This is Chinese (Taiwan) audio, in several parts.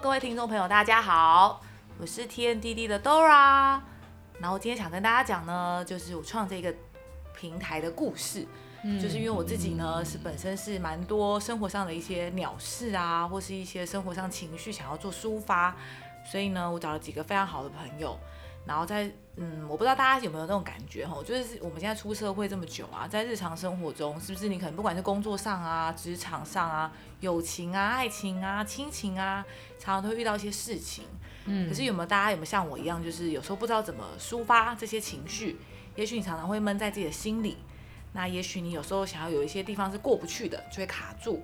各位聽眾朋友，大家好，我是 TMDD 的 Dora，然後我今天想跟大家講呢，就是我創這個平台的故事，嗯，就是因為我自己呢是本身是蠻多生活上的一些鳥事啊，或是一些生活上情緒想要做抒發，所以呢，我找了幾個非常好的朋友。然後在嗯，我不知道大家有沒有那種感覺吼，就是我們現在出社會這麼久啊，在日常生活中，是不是你可能不管是工作上啊、職場上啊、友情啊、愛情啊、親情啊，常常都會遇到一些事情。嗯，可是有沒有大家有沒有像我一樣，就是有時候不知道怎麼抒發這些情緒？也許你常常會悶在自己的心裡，那也許你有時候想要有一些地方是過不去的，就會卡住。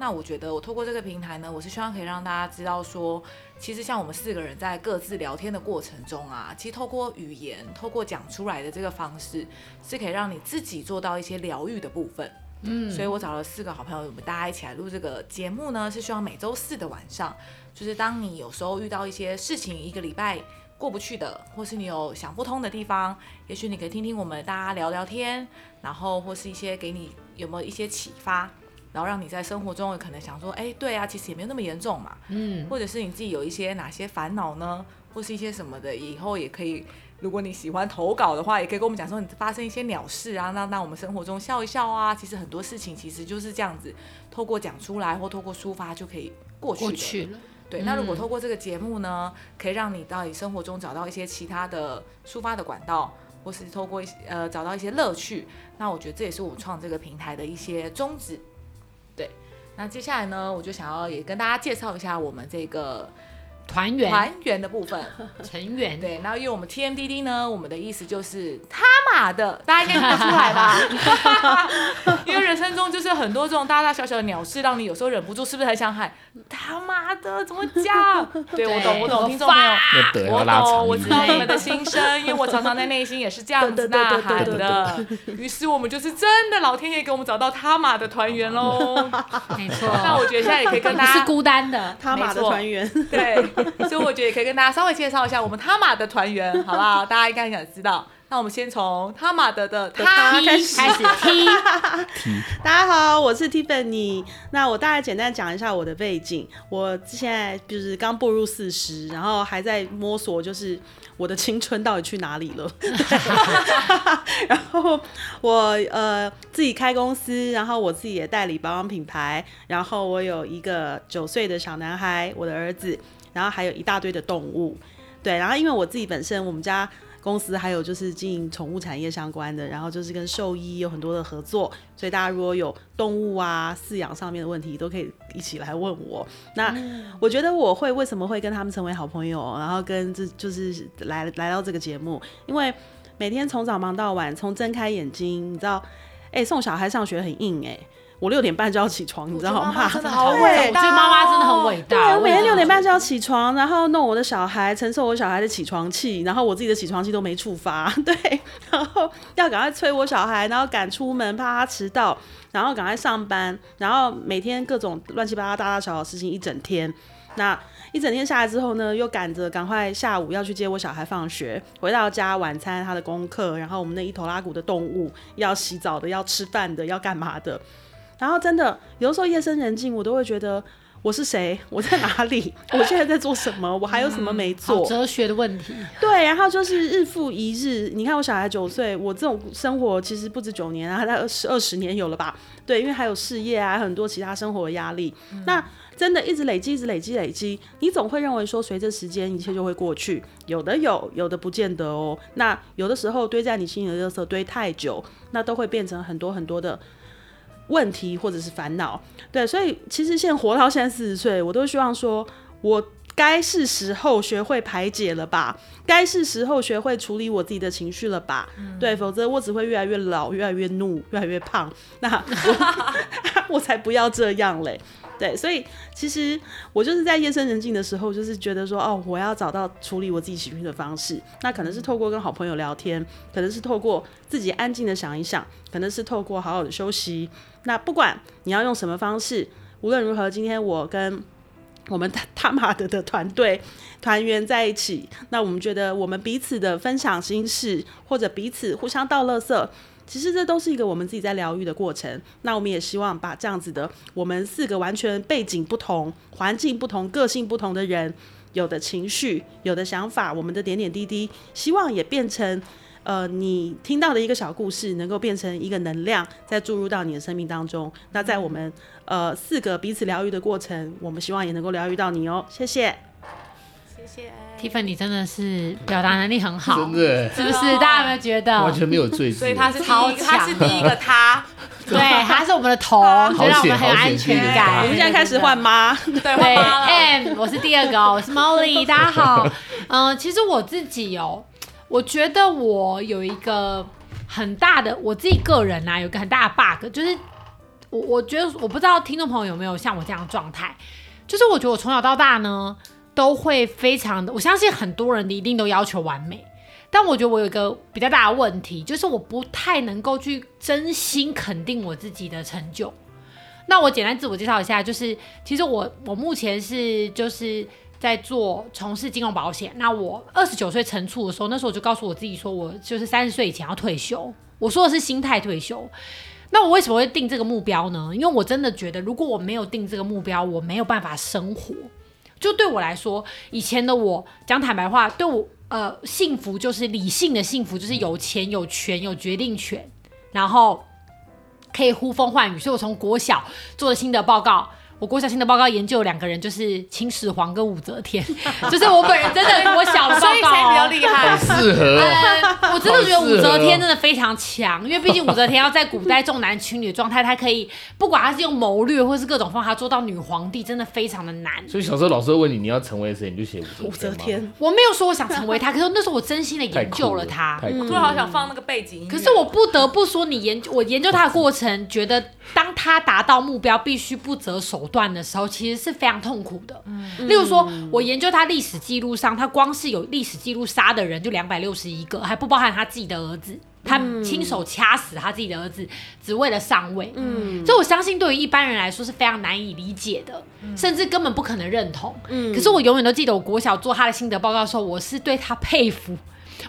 那我覺得，我透過這個平台呢，我是希望可以讓大家知道說，其實像我們四個人在各自聊天的過程中啊，其實透過語言，透過講出來的這個方式，是可以讓你自己做到一些療癒的部分。嗯，所以我找了四個好朋友，我們大家一起來錄這個節目呢，是希望每周四的晚上，就是當你有時候遇到一些事情，一個禮拜過不去的，或是你有想不通的地方，也許你可以聽聽我們大家聊聊天，然後或是一些給你有沒有一些啟發。然後讓你在生活中可能想說，哎，對啊，其實也沒有那麼嚴重嘛。嗯，或者是你自己有一些哪些煩惱呢，或是一些什麼的，以後也可以，如果你喜歡投稿的話，也可以跟我們講說你發生一些鳥事啊，那那我們生活中笑一笑啊，其實很多事情其實就是這樣子，透過講出來或透過抒發就可以過去。過去了。對，嗯、那如果透過這個節目呢，可以讓你到你生活中找到一些其他的抒發的管道，或是透過一些呃找到一些樂趣，嗯、那我覺得這也是我創這個平台的一些宗旨。對，那接下來呢，我就想要也跟大家介紹一下我們這個。團圓的部分成員，對，然後因為我們 T M D D 呢，我們的意思就是他媽的，大家應該說出來吧。因為人生中就是很多這種大大小小的鳥事，讓你有時候忍不住，是不是還想喊他媽的怎麼講？對，我懂，我懂，聽眾朋友，我懂，我知道你們的心聲，因為我常常在內心也是這樣子吶喊的。於是我們就是真的，老天爺給我們找到他媽的團圓嘍。沒錯，那我覺得現在也可以跟大家，是孤單的他媽的團圓，對。 所以我覺得也可以跟大家稍微介紹一下我們他馬的團員，好不好？大家應該很想知道。那我們先從他馬的的，的他開始踢。大家好，我是 Tiffany。那我大概簡單講一下我的背景。我現在就是剛步入四十，然後還在摸索，就是我的青春到底去哪裡了。 然後我呃自己開公司，然後我自己也代理保養品牌，然後我有一個九歲的小男孩，我的兒子。然後還有一大堆的動物，對。然後因為我自己本身，我們家公司還有就是經營寵物產業相關的，然後就是跟獸醫有很多的合作，所以大家如果有動物啊，飼養上面的問題，都可以一起來問我。那我覺得我會為什麼會跟他們成為好朋友，然後跟這就是來來到這個節目，因為每天從早忙到晚，從睜開眼睛，你知道，誒、欸，送小孩上學很硬誒、欸。我六點半就要起床，你知道嗎？真的好偉大！這個媽媽真的很偉大。對，我媽媽對每天六點半就要起床，然後弄我的小孩，承受我小孩的起床氣，然後我自己的起床氣都沒觸發。對，然後要趕快催我小孩，然後趕出門，怕他遲到，然後趕快上班，然後每天各種亂七八糟大大小小的事情一整天。那一整天下來之後呢，又趕着趕快下午要去接我小孩放學，回到家晚餐他的功課，然後我們那一頭拉骨的動物要洗澡的，要吃飯的，要幹嘛的？然後真的，有的時候夜深人靜，我都會覺得我是誰，我在哪裡， 我現在在做什麼，我還有什麼沒做？嗯、哲學的問題。對，然後就是日復一日，你看我小孩九歲，我這種生活其實不止九年啊，二十二十年有了吧？對，因為還有事業啊，很多其他生活的壓力。嗯、那真的一直累積，一直累積，累積，你總會認為說，隨着時間，一切就會過去。有的有，有的不見得哦、喔。那有的時候堆在你心裡的垃圾堆太久，那都會變成很多很多的。問題或者是煩惱，對，所以其實現在活到現在四十歲，我都希望說，我該是時候學會排解了吧，該是時候學會處理我自己的情緒了吧，嗯、對，否則我只會越來越老，越來越怒，越來越胖，那我 我才不要這樣嘞。對，所以其實我就是在夜深人靜的時候，就是覺得說，哦，我要找到處理我自己情緒的方式。那可能是透過跟好朋友聊天，可能是透過自己安靜地想一想，可能是透過好好的休息。那不管你要用什麼方式，無論如何，今天我跟我們他媽的,的團隊團員在一起，那我們覺得我們彼此的分享心事，或者彼此互相倒垃圾。其實這都是一個我們自己在療癒的過程。那我們也希望把這樣子的，我們四個完全背景不同、環境不同、個性不同的人，有的情緒、有的想法，我們的點點滴滴，希望也變成，呃，你聽到的一個小故事，能夠變成一個能量，再注入到你的生命當中。那在我們呃四個彼此療癒的過程，我們希望也能夠療癒到你哦。謝謝。Tiffany，你真的是表達能力很好，是不是？大家有沒有覺得？完全沒有贅字！所以他是超強，第一個他，對，他是我們的頭，就讓我們很有安全感。我們現在開始換媽，對，換媽了。M，我是第二個哦，我是 Molly，大家好。嗯，其實我自己哦，我覺得我有一個很大的，我自己個人吶，有個很大的 bug，就是我我覺得我不知道聽眾朋友有沒有像我這樣的狀態，就是我覺得我從小到大呢，都會非常的，我相信很多人一定都要求完美，但我覺得我有一個比較大的問題，就是我不太能夠去真心肯定我自己的成就。那我簡單自我介紹一下，就是其實我我目前是就是在做從事金融保險。那我二十九歲成處的時候，那時候我就告訴我自己說，我就是三十歲以前要退休。我說的是心態退休。那我為什麼會定這個目標呢？因為我真的覺得，如果我沒有定這個目標，我沒有辦法生活。就對我來說，以前的我講坦白話，對我呃，幸福就是理性的幸福，就是有錢、有權、有決定權，然後可以呼風喚雨。所以我從國小做了新的報告。我國小的報告研究兩個人，就是秦始皇跟武則天，就是我本人真的我小的報告、哦、 才比較厲害，很適合、哦嗯。我真的覺得武則天真的非常強，哦、因為畢竟武則天要在古代重男輕女的狀態，她可以不管她是用謀略或是各種方法做到女皇帝，真的非常的難。所以小時候老師問你，你要成為誰？你就寫武、武則天。武則天，我沒有說我想成為她，可是那時候我真心的研究了她，突然、嗯、好想放那個背景音樂、嗯。可是我不得不說，你研究我研究她的過程，是覺得當她達到目標，必須不擇手斷的時候其實是非常痛苦的。嗯、例如說，我研究他歷史記錄上，嗯、他光是有歷史記錄殺的人就兩百六十一個，還不包含他自己的兒子，嗯、他親手掐死他自己的兒子，只為了上位。嗯，所以我相信對於一般人來說是非常難以理解的，嗯、甚至根本不可能認同。嗯、可是我永遠都記得，我國小做他的心得報告的時候，我是對他佩服，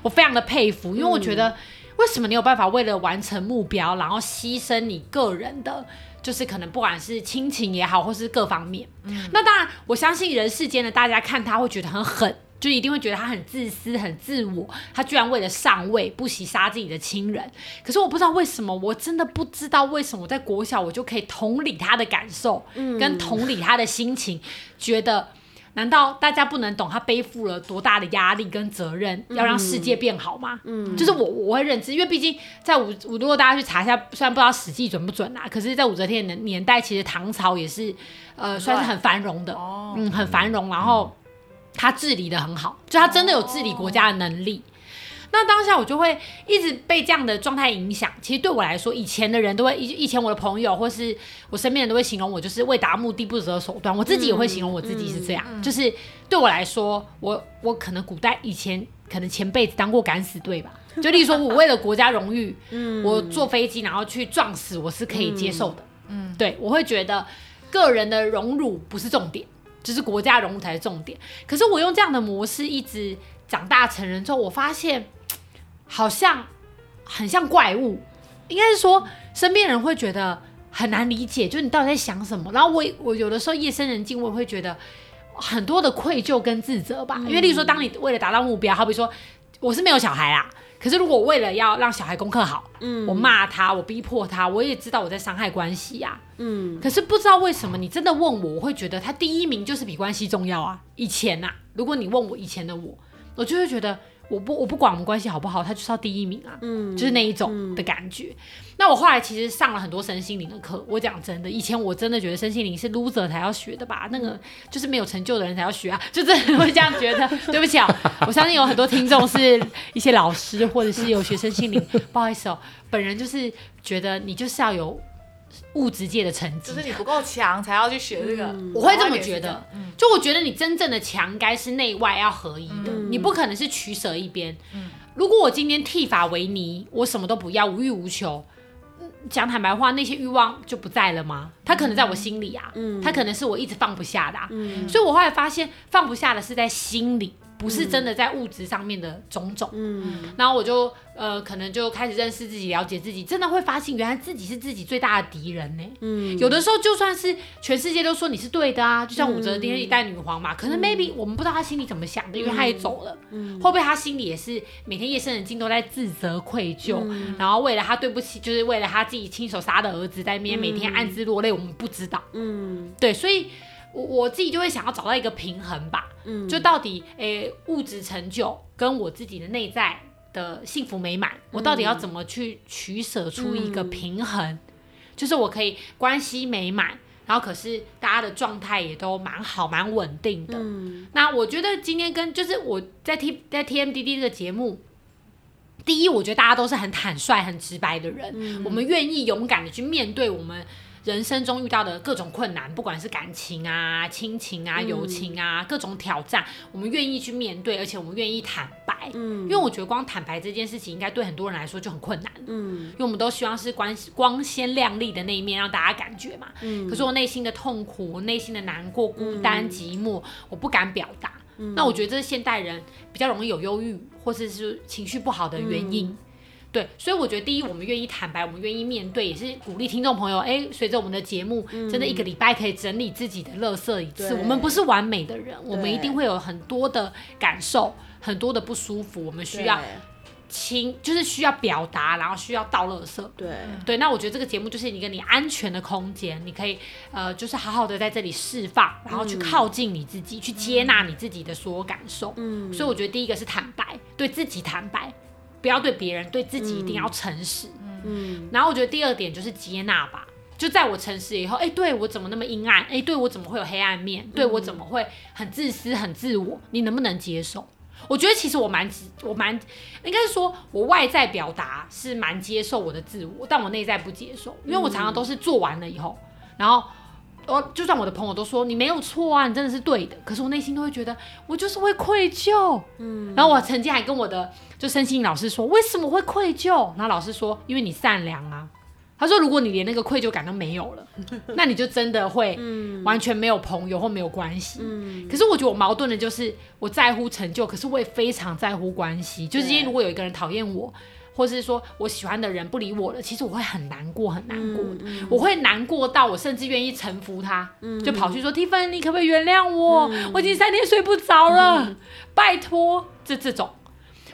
我非常的佩服，因為我覺得、嗯、為什麼你有辦法為了完成目標，然後犧牲你個人的？就是可能不管是親情也好，或是各方面，嗯，那當然，我相信人世間的大家看他會覺得很狠，就一定會覺得他很自私、很自我，他居然為了上位不惜殺自己的親人。可是我不知道為什麼，我真的不知道為什麼，在國小我就可以同理他的感受，嗯，跟同理他的心情，覺得。難道大家不能懂他背負了多大的壓力跟責任，嗯、要讓世界變好嗎？嗯，就是我我會認知，因為畢竟在武武，如果大家去查一下，雖然不知道史記準不準啊，可是在武則天的年代，其實唐朝也是，呃，對算是很繁榮的，哦、嗯，很繁榮，然後他治理的很好，嗯、就他真的有治理國家的能力。哦那當下我就會一直被這樣的狀態影響。其實對我來說，以前的人都會，以以前我的朋友或是我身邊人都會形容我就是為達目的不擇手段。我自己也會形容我自己是這樣。嗯嗯、就是對我來說，我我可能古代以前可能前輩子當過敢死隊吧。就例如說，我為了國家榮譽，嗯、我坐飛機然後去撞死，我是可以接受的。嗯，對，我會覺得個人的榮辱不是重點，就是國家榮辱才是重點。可是我用這樣的模式一直長大成人之後，我發現。好像很像怪物，應該是說身邊人會覺得很難理解，就是你到底在想什麼。然後我我有的時候夜深人靜，我會覺得很多的愧疚跟自責吧。嗯，因為例如說，當你為了達到目標，好比說我是沒有小孩啊，可是如果為了要讓小孩功課好，嗯，我罵他，我逼迫他，我也知道我在傷害關係啊，嗯，可是不知道為什麼，你真的問我，我會覺得他第一名就是比關係重要啊。以前啊，如果你問我以前的我，我就會覺得。我不我不管我們關係好不好，他就是要第一名啊，嗯、就是那一種的感覺。嗯、那我後來其實上了很多身心靈的課，我講真的，以前我真的覺得身心靈是 loser 才要學的吧，那個就是沒有成就的人才要學啊，就是會這樣覺得。 對不起啊、哦，我相信有很多聽眾是一些老師或者是有學身心靈， 不好意思哦，本人就是覺得你就是要有物質界的成績，就是你不夠強才要去學這個，嗯、我會這麼覺得。嗯、就我覺得你真正的強，該是內外要合一的，嗯、你不可能是取捨一邊。嗯、如果我今天剃髮為尼，我什麼都不要，無欲無求，講、嗯、坦白話，那些慾望就不在了嗎？它可能在我心裡啊，它、嗯、可能是我一直放不下的、啊。嗯、所以我後來發現，放不下的是在心裡。不是真的在物質上面的種種，嗯，然後我就呃，可能就開始認識自己，了解自己，真的會發現原來自己是自己最大的敵人呢。嗯，有的時候就算是全世界都說你是對的啊，就像武則天一代女皇嘛，嗯、可能 maybe 我們不知道她心裡怎麼想的，嗯、因為她也走了，嗯，會不會她心裡也是每天夜深人靜都在自責愧疚，嗯、然後為了她對不起，就是為了她自己親手殺的兒子在那邊每天暗自落淚，我們不知道，嗯，對，所以。我我自己就會想要找到一個平衡吧，嗯、就到底誒、欸、物質成就跟我自己的內在的幸福美滿，嗯、我到底要怎麼去取舍出一個平衡？嗯、就是我可以關係美滿，然後可是大家的狀態也都蠻好、蠻穩定的。嗯、那我覺得今天跟就是我在 T 在 TMDD 這個節目，第一，我覺得大家都是很坦率、很直白的人，嗯、我們願意勇敢的去面對我們。人生中遇到的各種困難，不管是感情啊、親情啊、友情啊，嗯，各種挑戰，我們願意去面對，而且我們願意坦白。嗯，因為我覺得光坦白這件事情，應該對很多人來說就很困難了。嗯，因為我們都希望是光光鮮亮麗的那一面讓大家感覺嘛。嗯，可是我內心的痛苦、我內心的難過、孤單、嗯，寂寞，我不敢表達。嗯，那我覺得這是現代人比較容易有憂鬱或者是是情緒不好的原因。嗯。對，所以我覺得第一，我們願意坦白，我們願意面對，也是鼓勵聽眾朋友。誒、欸，隨着我們的節目，嗯、真的一個禮拜可以整理自己的垃圾一次。對我們不是完美的人，我們一定會有很多的感受，對很多的不舒服，我們需要清，對就是需要表達，然後需要倒垃圾。對，對。那我覺得這個節目就是一個你安全的空間，你可以呃，就是好好的在這裡釋放，然後去靠近你自己，嗯、去接納你自己的所有感受。嗯、所以我覺得第一個是坦白，對自己坦白。不要對別人，對自己一定要誠實嗯。嗯，然後我覺得第二點就是接納吧。就在我誠實以後，哎、欸，對我怎麼那麼陰暗？哎、欸，對我怎麼會有黑暗面？嗯、對我怎麼會很自私、很自我？你能不能接受？我覺得其實我蠻，我蠻，應該是說我外在表達是蠻接受我的自我，但我內在不接受，因為我常常都是做完了以後，然後我就算我的朋友都說你沒有錯啊，你真的是對的，可是我內心都會覺得我就是會愧疚。嗯，然後我曾經還跟我的。就身心老師說，為什麼會愧疚？那老師說，因為你善良啊。他說，如果你連那個愧疚感都沒有了，那你就真的會完全沒有朋友或沒有關係。 嗯、可是我覺得我矛盾的就是我在乎成就，可是我也非常在乎關係。就是今天如果有一個人討厭我，或是說我喜歡的人不理我了，其實我會很難過，很難過的。嗯嗯、我會難過到我甚至願意臣服他，嗯、就跑去說 Tiffany，你可不可以原諒我？嗯、我已經三天睡不着了，嗯、拜托。這這種。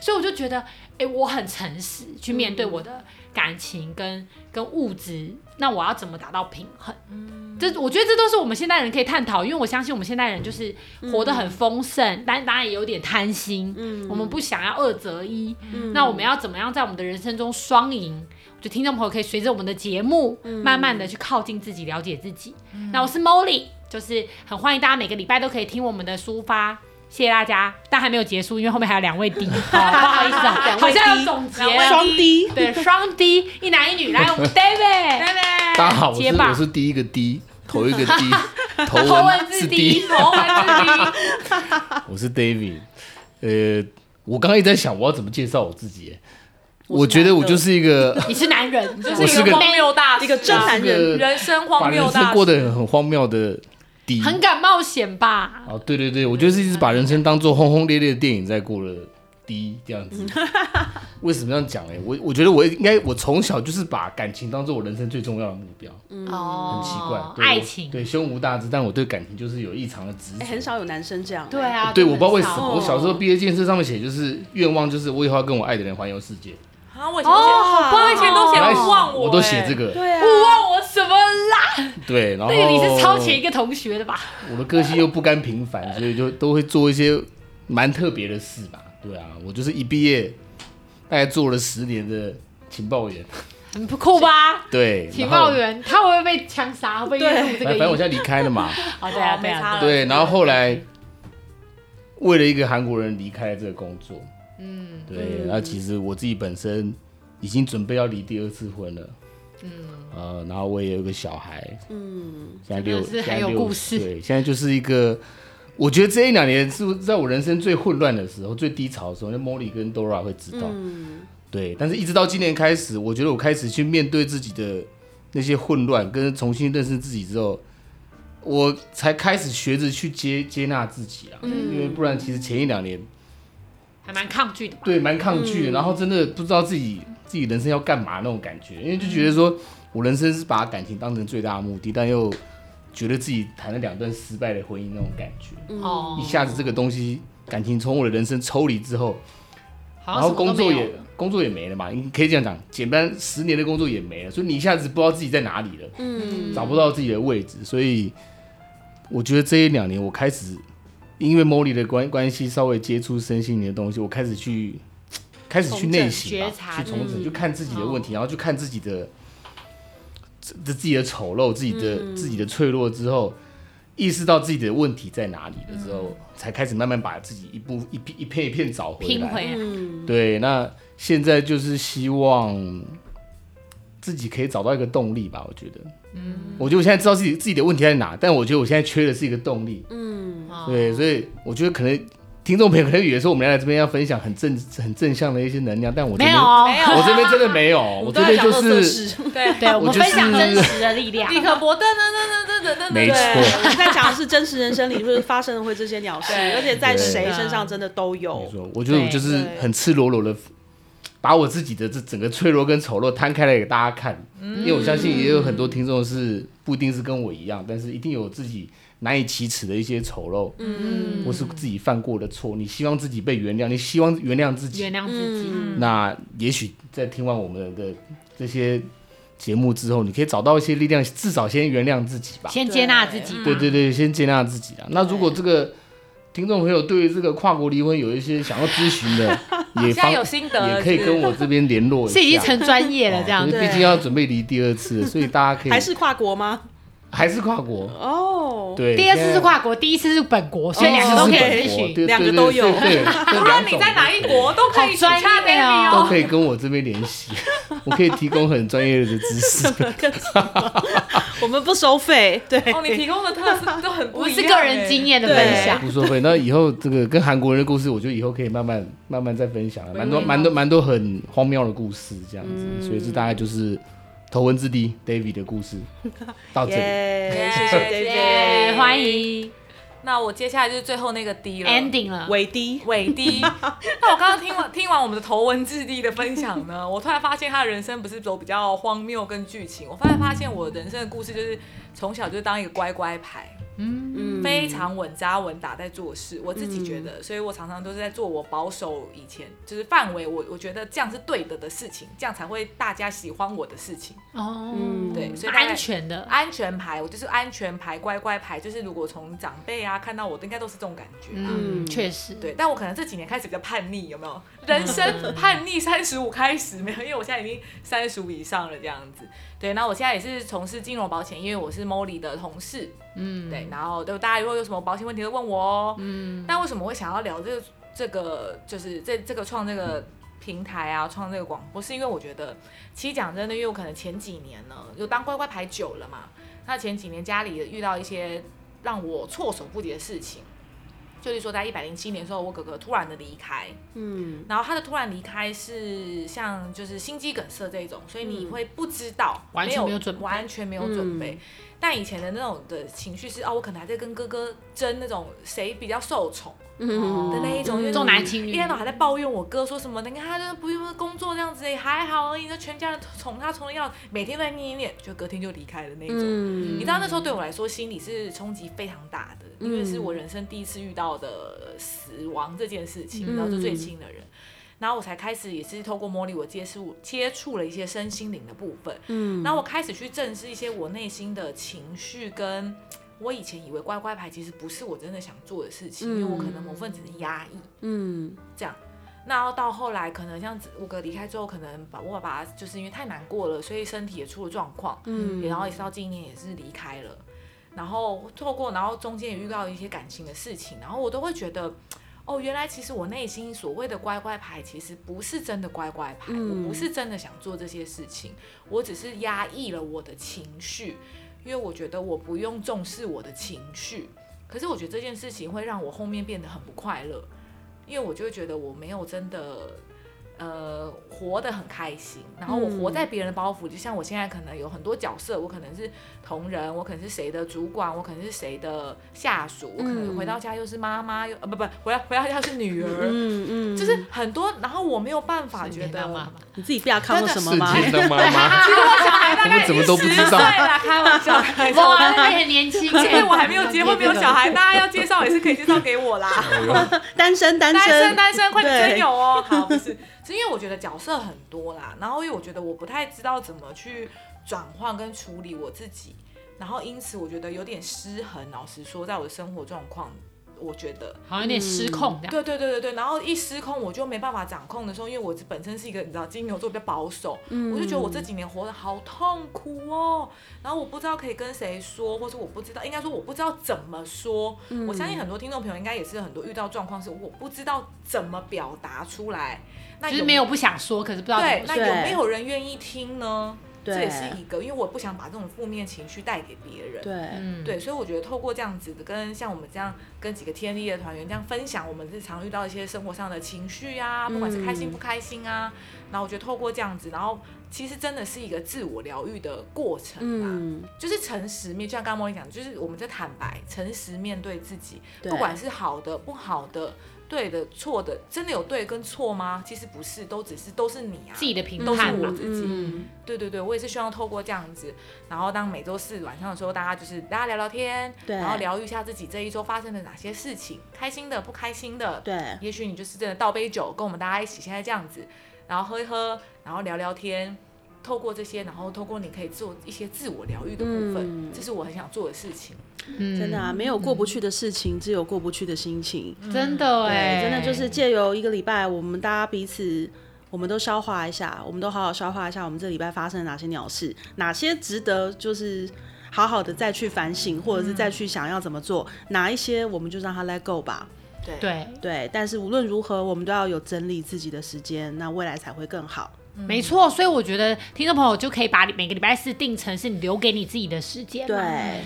所以我就覺得，誒、欸，我很誠實去面對我的感情跟、嗯、跟物質，那我要怎麼達到平衡？嗯、這我覺得這都是我們現代人可以探討，因為我相信我們現代人就是活得很豐盛，嗯、但當然也有點貪心。嗯，我們不想要二擇一。嗯、那我們要怎麼樣在我們的人生中雙贏？嗯、就聽眾朋友可以隨着我們的節目，慢慢的去靠近自己，嗯、了解自己。嗯、那我是 Molly，就是很歡迎大家每個禮拜都可以聽我們的抒發。謝謝大家，但還沒有結束，因為後面還有兩位 D、哦、不好意思、哦，啊，好像要總結了雙 D，對，雙 D, D，一男一女，來，我們 David，, David 大家好，我是、我是第一個 D，頭一個 D，頭文、是 D 頭文字 D，頭文字 D，我是 David，呃，我剛剛一直在想我要怎麼介紹我自己，我、我覺得我就是一個，你是男人，你就是一個荒謬大師，個一個真男人，人生荒謬大師，過得很荒謬的。很敢冒險吧？哦，對對對，我就是一直把人生當作轟轟烈烈的電影在過了，低這樣子。為什麼這樣講？哎，我我覺得我應該，我從小就是把感情當作我人生最重要的目標。哦，很奇怪，愛情對胸無大志，但我對感情就是有異常的執。很少有男生這樣。對啊，對，我不知道為什麼。我小時候畢業建設上面寫就是願望，就是我以後要跟我愛的人環遊世界。啊，我以前都，我以前都寫忘我，我都寫這個，對啊。對，然後那個你是抄前一個同學的吧？我的個性又不甘平凡， 所以就都會做一些蠻特別的事吧。對啊，我就是一畢業大概做了十年的情報員，很不酷吧？ 對，情報員他會不會被槍殺，被對後 反正我現在離開了嘛。 哦、對啊對啊 對，然後後來為了一個韓國人離開了這個工作。嗯，對，然後其實我自己本身已經準備要離第二次婚了。嗯，呃，然後我也有一個小孩，嗯，現在六，有故事現在六，對，現在就是一個，我覺得這一兩年是在我人生最混亂的時候，最低潮的時候，那 Molly 跟 Dora 會知道，嗯、對，但是一直到今年開始，我覺得我開始去面對自己的那些混亂，跟重新認識自己之後，我才開始學着去接接納自己啊。嗯、因為不然其實前一兩年還蠻抗拒的對，蠻抗拒的，嗯、然後真的不知道自己自己人生要幹嘛那種感覺，因為就覺得說我人生是把感情當成最大的目的，但又覺得自己談了兩段失敗的婚姻那種感覺，嗯、一下子這個東西感情從我的人生抽離之後，然後工作也工作也沒了嘛，你可以這樣講，簡單十年的工作也沒了，所以你一下子不知道自己在哪裡了，嗯，找不到自己的位置，所以我覺得這一兩年我開始因為 Molly 的關關係稍微接觸身心靈的東西，我開始去。開始去內省，去重整，就看自己的問題，然後就看自己的自自己的醜陋、自己的自己的脆弱之後，意識到自己的問題在哪裡的時候，才開始慢慢把自己一部一片一片一片找回來。嗯，對。那現在就是希望自己可以找到一個動力吧，我覺得。嗯。我覺得我現在知道自己自己的問題在哪，但我覺得我現在缺的是一個動力。嗯。對，所以我覺得可能。聽眾朋友可能以為說我們要來這邊要分享很正、很正向的一些能量，但我覺得沒有，我這邊真的沒有，我這邊就是對對，我分享真實的力量。李可伯對對對對對對對，沒錯，我在講的是真實人生裡就是發生的會這些鳥事，而且在誰身上真的都有。我覺得我就是很赤裸裸的把我自己的這整個脆弱跟醜陋攤開來給大家看，因為我相信也有很多聽眾是不一定是跟我一樣，但是一定有自己。難以啟齒的一些醜陋，嗯、或是自己犯過的錯，你希望自己被原諒，你希望原諒自己，原諒自己。嗯、那也許在聽完我們的這些節目之後，你可以找到一些力量，至少先原諒自己吧，先接納自己。對，嗯啊、對對對，先接納自己啊。那如果這個聽眾朋友對於這個跨國離婚有一些想要諮詢的，也方有心得，也可以跟我這邊聯絡一下。是已經成專業了這樣子，畢、嗯、竟要準備離第二次，所以大家可以還是跨國嗎？還是跨國哦，對，第二次是跨國，第一次是本國，所以兩個都可以聯繫，兩個都有。那你在哪一國都可以，都可以跟我這邊聯繫，我可以提供很專業的知識。我們不收費，對，你提供的特色都很不一樣，不是個人經驗的分享，不收費。那以後這個跟韓國人的故事，我就以後可以慢慢慢慢再分享了，蠻多蠻多蠻多很荒謬的故事這樣子，所以這大概就是。頭文字 D，David 的故事 到這裡，謝謝 yeah, 歡迎。那我接下來就是最後那個 D 了，ending 了，尾 D，尾 D。那 D 我剛剛聽完 聽完我們的頭文字 D 的分享呢，我突然發現他的人生不是走比較荒謬跟劇情，我突然發現我的人生的故事就是從小就當一個乖乖牌。嗯嗯，非常穩紮穩打在做事，我自己覺得，嗯、所以我常常都是在做我保守以前就是範圍，我我覺得這樣是對的的事情，這樣才會大家喜歡我的事情。哦，對，所以安全的，安全牌，我就是安全牌，乖乖牌，就是如果從長輩啊看到我的，應該都是這種感覺。嗯，確對實，對，但我可能這幾年開始比較叛逆，有沒有？人生叛逆三十五開始沒有？ 因為我現在已經三十五以上了，這樣子。對，那我現在也是從事金融保險，因為我是 Molly 的同事，嗯，對，然後都大家如果有什麼保險問題都問我哦，嗯。但為什麼會想要聊這個這個，就是這這個創這個平台啊，創這個廣播，是因為我覺得，其實講真的，因為我可能前幾年呢，就當乖乖牌久了嘛，那前幾年家裡遇到一些讓我措手不及的事情。就是說，在一百零七年的時候，我哥哥突然的離開，嗯，然後他的突然離開是像就是心肌梗塞這一種，所以你會不知道、嗯、沒有完全沒有準備，嗯、完全沒有準備。但以前的那種的情緒是哦，我可能還在跟哥哥爭那種誰比較受寵的那一種，哦、因為重男輕女，一天到晚還在抱怨我哥說什麼，你看他就不用工作這樣子，還好而已，那全家人寵他寵的要，每天都在念一念就隔天就離開的那一種。嗯、你知道那時候對我來說，嗯、心理是衝擊非常大的。因為是我人生第一次遇到的死亡這件事情，然後是最親的人，然後我才開始也是透過茉莉，我接觸接觸了一些身心靈的部分，嗯，然後我開始去正視一些我內心的情緒，跟我以前以為乖乖牌其實不是我真的想做的事情，嗯，因為我可能某份只是壓抑，嗯，這樣，那到後來可能像五哥離開之後，可能把我爸爸就是因為太難過了，所以身體也出了狀況，嗯，然後也是到今年也是離開了。然後錯過，然後中間也遇到一些感情的事情，然後我都會覺得，哦，原來其實我內心所謂的乖乖牌，其實不是真的乖乖牌，我不是真的想做這些事情，我只是壓抑了我的情緒，因為我覺得我不用重視我的情緒，可是我覺得這件事情會讓我後面變得很不快樂，因為我就會覺得我沒有真的。呃，活得很開心，然後我活在別人的包袱，嗯、就像我現在可能有很多角色，我可能是同仁，我可能是誰的主管，我可能是誰的下屬，我可能回到家又是媽媽，又呃不不，回來回到家是女兒，嗯嗯，嗯就是很多，然後我沒有辦法覺得你自己不要看我什麼嗎？你的媽媽。怎麼都不知道？開玩笑，我我還很年輕，因為我還沒有結婚，沒有小孩，大家要介紹也是可以介紹給我啦。單身單身單身單身，快點有哦！對好，不是，是因為我覺得角色很多啦，然後因為我覺得我不太知道怎麼去轉換跟處理我自己，然後因此我覺得有點失衡。老實說，在我的生活狀況。我覺得好像有點失控，這樣，對、嗯、對對對對。然後一失控，我就沒辦法掌控的時候，因為我本身是一個你知道金牛座比較保守，嗯、我就覺得我這幾年活得好痛苦哦。然後我不知道可以跟誰說，或者我不知道應該說，我不知道怎麼說。嗯、我相信很多聽眾朋友應該也是很多遇到狀況是我不知道怎麼表達出來，就是沒有不想說，可是不知道對。對那有沒有人願意聽呢？對這也是一個，因為我不想把這種負面情緒帶給別人。對，嗯、對，所以我覺得透過這樣子的，跟像我們這樣，跟幾個 TMDD 的團員這樣分享我們日常遇到一些生活上的情緒啊，不管是開心不開心啊，嗯、然後我覺得透過這樣子，然後其實真的是一個自我療癒的過程吧、啊。嗯、就是誠實面，就像剛剛莫莉講，就是我們在坦白、誠實面對自己，對不管是好的不好的。對的，錯的，真的有對跟錯嗎？其實不是，都只是都是你啊，自己的評判、啊，都是我自己。嗯、對對對，我也是希望透過這樣子，然後當每周四晚上的時候，大家就是大家聊聊天，對然後聊一下自己這一周發生的哪些事情，開心的、不開心的。對，也許你就是真的倒杯酒，跟我們大家一起現在這樣子，然後喝一喝，然後聊聊天。透過這些，然後透過你可以做一些自我療癒的部分，嗯、這是我很想做的事情。真的、啊，沒有過不去的事情，只有過不去的心情。真的、嗯，哎，真的就是借由一個禮拜，我們大家彼此，我們都消化一下，我們都好好消化一下，我們這禮拜發生了哪些鳥事，哪些值得就是好好的再去反省，或者是再去想要怎麼做，哪一些我們就讓它 let go 吧。對對對，但是無論如何，我們都要有整理自己的時間，那未來才會更好。沒錯，所以我覺得聽眾朋友就可以把每個禮拜四定成是你留給你自己的時間，對，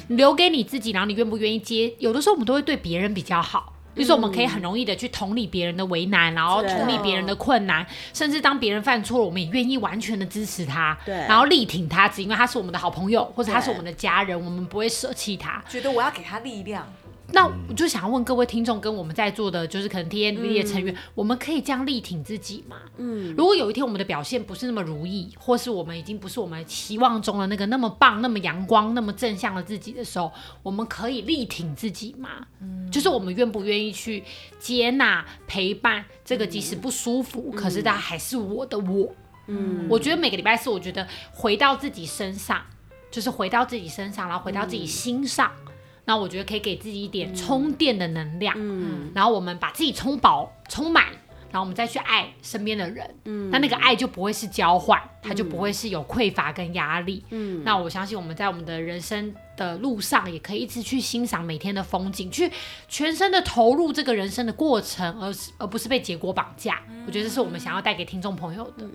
你留給你自己。然後你願不願意接？有的時候我們都會對別人比較好，比如說我們可以很容易的去同理別人的為難，然後處理別人的困難，哦、甚至當別人犯錯了，我們也願意完全的支持他，對，然後力挺他，只因為他是我們的好朋友，或者他是我們的家人，對我們不會捨棄他。覺得我要給他力量。那我就想要問各位聽眾跟我們在座的，就是可能 TMDD 的成員，嗯、我們可以這樣力挺自己嗎？嗯，如果有一天我們的表現不是那麼如意，或是我們已經不是我們期望中的那個那麼棒，那麼陽光，那麼正向的自己的時候，我們可以力挺自己嗎？嗯，就是我們願不願意去接納、陪伴這個，即使不舒服，嗯、可是它還是我的我。嗯，我覺得每個禮拜四，我覺得回到自己身上，就是回到自己身上，然後回到自己心上。嗯那我覺得可以給自己一點充電的能量，嗯，嗯然後我們把自己充飽、充滿，然後我們再去愛身邊的人，嗯，那那個愛就不會是交換，嗯、它就不會是有匱乏跟壓力，嗯，那我相信我們在我們的人生的路上，也可以一直去欣賞每天的風景，嗯、去全身的投入這個人生的過程，而而不是被結果綁架。嗯、我覺得這是我們想要帶給聽眾朋友的，嗯。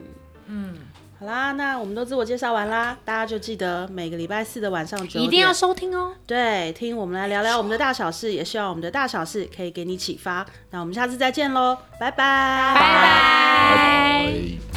嗯好啦，那我們都自我介紹完啦，大家就記得每個禮拜四的晚上九點一定要收聽哦。對，聽我們來聊聊我們的大小事，也希望我們的大小事可以給你啟發。那我們下次再見嘍，拜拜。拜拜。